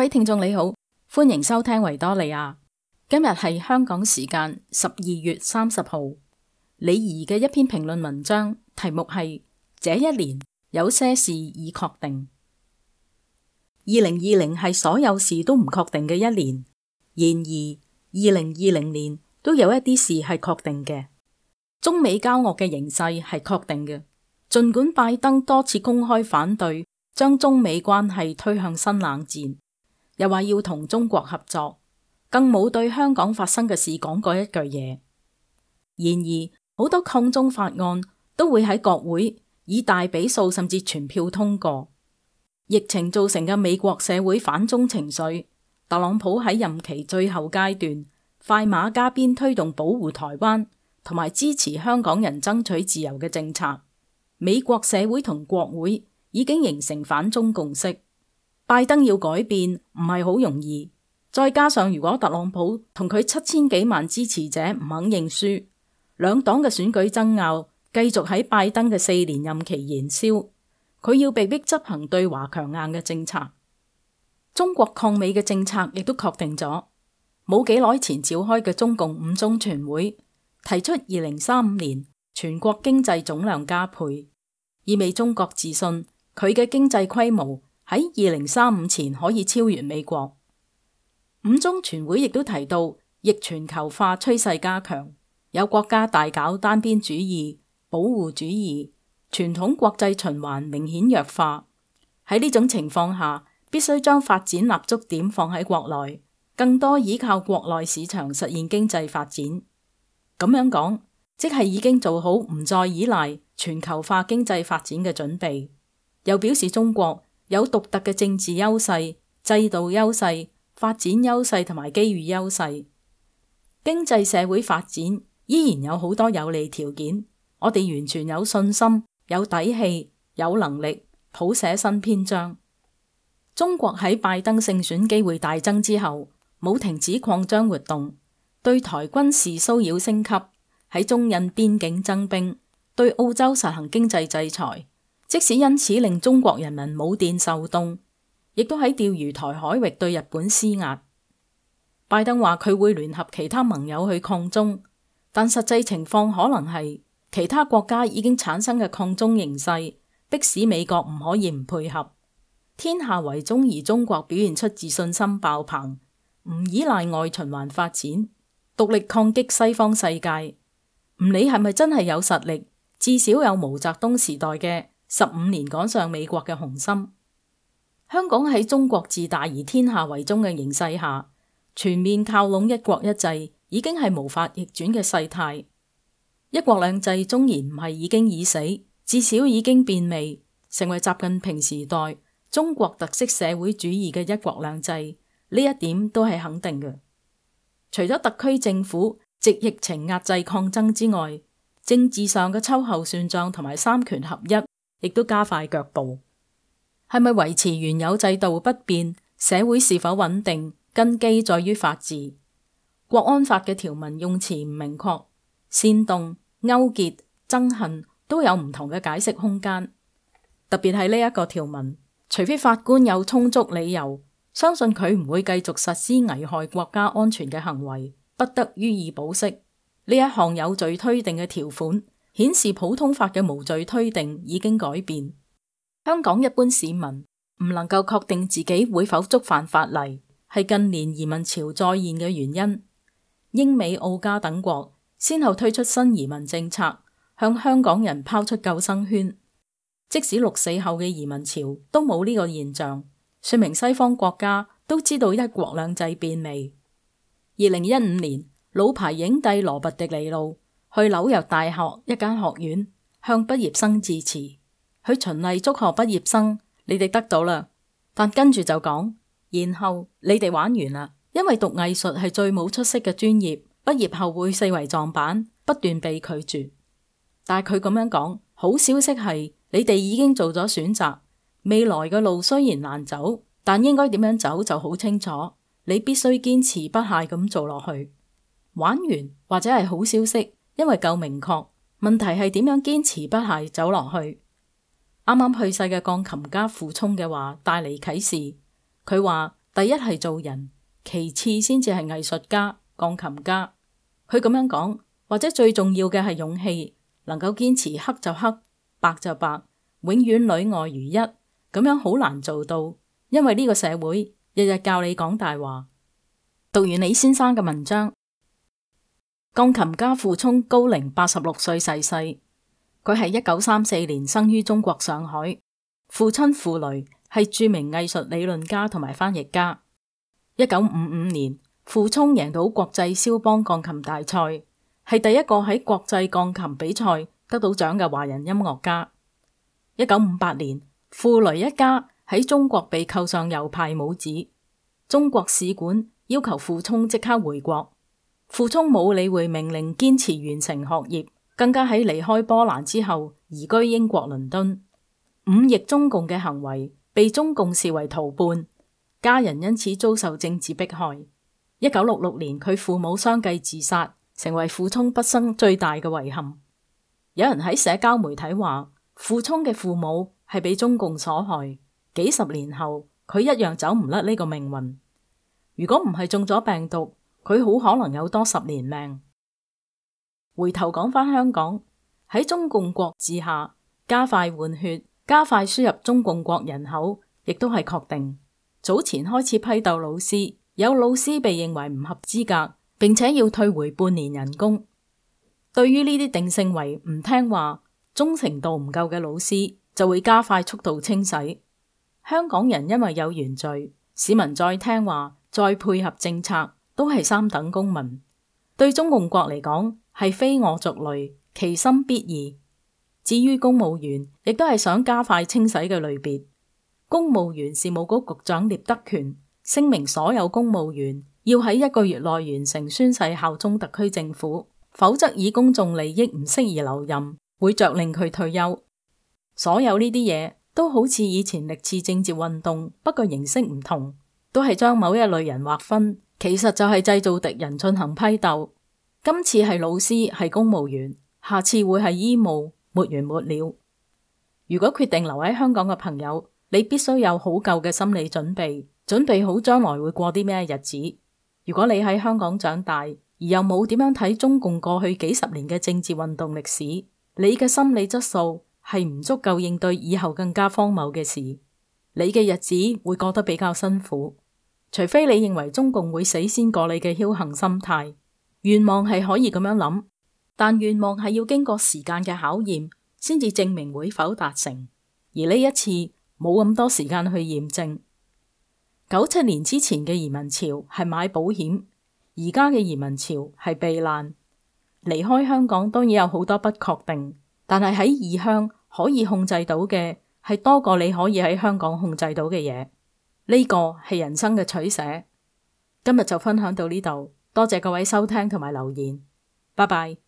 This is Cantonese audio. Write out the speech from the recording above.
各位聽眾你好，歡迎收聽維多利亞。今日係香港時間十二月三十號。李怡嘅一篇評論文章，題目係：這一年有些事已確定。二零二零係所有事都唔確定嘅一年，然而二零二零年都有一啲事係確定嘅。中美交惡嘅形勢係確定嘅，盡管拜登多次公開反對，將中美關係推向新冷戰。又話要同中國合作，更冇對香港發生嘅事講過一句嘢。然而，好多抗中法案都會喺國會以大比數甚至全票通過。疫情造成嘅美國社會反中情緒，特朗普喺任期最後階段快馬加鞭推動保護台灣同埋支持香港人爭取自由嘅政策，美國社會同國會已經形成反中共識。拜登要改變唔係好容易，再加上如果特朗普同佢七千幾萬支持者唔肯認輸，兩黨嘅選舉爭拗繼續喺拜登嘅四年任期燃燒，佢要被迫執行對華強硬嘅政策。中國抗美嘅政策亦都確定咗，冇幾耐前召開嘅中共五中全會提出二零三五年全國經濟總量加倍，意味中國自信佢嘅經濟規模。喺二零三五前可以超越美國。五中全會亦都提到，逆全球化趨勢加強，有國家大搞單邊主義、保護主義，傳統國際循環明顯弱化。喺呢種情況下，必須將發展立足點放喺國內，更多依靠國內市場實現經濟發展。咁樣講，即係已經做好唔再依賴全球化經濟發展嘅準備，又表示中國。有獨特嘅政治優勢、制度優勢、發展優勢同埋機遇優勢，經濟社會發展依然有好多有利條件，我哋完全有信心、有底氣、有能力譜寫新篇章。中國喺拜登勝選機會大增之後，冇停止擴張活動，對台軍事騷擾升級，喺中印邊境增兵，對澳洲實行經濟制裁。即使因此令中國人民冇電受凍，亦都喺釣魚台海域對日本施壓。拜登話佢會聯合其他盟友去抗中，但實際情況可能係其他國家已經產生嘅抗中形勢，迫使美國唔可以唔配合。天下圍中而中國表現出自信心爆棚，唔依賴外循環發展，獨立抗擊西方世界。唔理係咪真係有實力，至少有毛澤東時代嘅。十五年趕上美國嘅雄心，香港喺中國自大而天下圍中嘅形勢下，全面靠攏一國一制已經係無法逆轉嘅態勢。一國兩制縱然唔係已經已死，至少已經變味，成為習近平時代中國特色社會主義嘅一國兩制。呢一點都係肯定嘅。除咗特區政府藉疫情壓制抗爭之外，政治上嘅秋後算賬同埋三權合一。亦都加快腳步，係咪維持原有制度不變？社會是否穩定？根基在於法治。國安法嘅條文用詞唔明確，煽動、勾結、憎恨都有唔同嘅解釋空間。特別係呢一個條文，除非法官有充足理由相信佢唔會繼續實施危害國家安全嘅行為，不得予以保釋。呢一項有罪推定嘅條款。顯示普通法嘅無罪推定已經改變，香港一般市民唔能夠確定自己會否觸犯法例，係近年移民潮再現嘅原因。英美澳加等國先後推出新移民政策，向香港人拋出救生圈。即使六四後嘅移民潮都冇呢個現象，說明西方國家都知道一國兩制變味。二零一五年，老牌影帝羅拔迪尼路。去紐約大學一間學院向畢業生致辭，去循例祝賀畢業生，你哋得到啦。但跟住就講，然後你哋玩完啦，因為讀藝術係最冇出息嘅專業，畢業後會四圍撞板，不斷被拒絕。但佢咁樣講，好消息係你哋已經做咗選擇，未來嘅路雖然難走，但應該點樣走就好清楚。你必須堅持不懈咁做落去，玩完或者係好消息。因為夠明確，問題係點樣堅持不懈走落去？啱啱去世嘅鋼琴家傅聰嘅話帶嚟啟示。佢話：第一係做人，其次先至係藝術家、鋼琴家。佢咁樣講，或者最重要嘅係勇氣，能夠堅持黑就黑，白就白，永遠裏外如一。咁樣好難做到，因為呢個社會日日教你講大話。讀完李先生嘅文章。鋼琴家傅聰高齡八十六歲逝世，世。佢係一九三四年生於中國上海，父親傅雷係著名藝術理論家同埋翻譯家。一九五五年，傅聰贏到國際肖邦鋼琴大賽，係第一個喺國際鋼琴比賽得到獎嘅華人音樂家。一九五八年，傅雷一家喺中國被扣上右派帽子，中國使館要求傅聰即刻回國。傅聰冇理會命令，堅持完成學業，更加喺離開波蘭之後移居英國倫敦。忤逆中共嘅行為，被中共視為逃叛，家人因此遭受政治迫害。一九六六年，佢父母相繼自殺，成為傅聰畢生最大嘅遺憾。有人喺社交媒體話，傅聰嘅父母係被中共所害，幾十年後佢一樣走唔甩呢個命運。如果唔係中咗病毒。佢好可能有多十年命。回頭講返香港，喺中共國治下，加快換血，加快輸入中共國人口，亦都係確定。早前開始批鬥老師，有老師被認為唔合資格，並且要退回半年人工。對於呢啲定性為唔聽話、忠誠度唔夠嘅老師，就會加快速度清洗。香港人因為有原罪，市民再聽話，再配合政策，都係三等公民，對中共國嚟講係非我族類，其心必異。至於公務員，亦都係想加快清洗嘅類別。公務員事務局局長聶德權聲明，所有公務員要喺一個月內完成宣誓效忠特區政府，否則以公眾利益唔適宜留任，會着令佢退休。所有呢啲嘢都好似以前歷次政治運動，不過形式唔同，都係將某一類人劃分。其實就係製造敵人進行批鬥，今次係老師、係公務員，下次會係醫務，沒完沒了。如果決定留喺香港嘅朋友，你必須有好夠嘅心理準備，準備好將來會過啲咩日子。如果你喺香港長大，而又冇點樣睇中共過去幾十年嘅政治運動歷史，你嘅心理質素係唔足夠應對以後更加荒謬嘅事，你嘅日子會過得比較辛苦。除非你認為中共會死先過你嘅僥倖心態，願望係可以咁樣諗，但願望係要經過時間嘅考驗，先至證明會否達成。而呢一次冇咁多時間去驗證。九七年之前嘅移民潮係買保險，而家嘅移民潮係避難。離開香港當然有好多不確定，但係喺異鄉可以控制到嘅，係多過你可以喺香港控制到嘅嘢。呢個係人生嘅取捨，今日就分享到呢度，多謝各位收聽同埋留言，拜拜。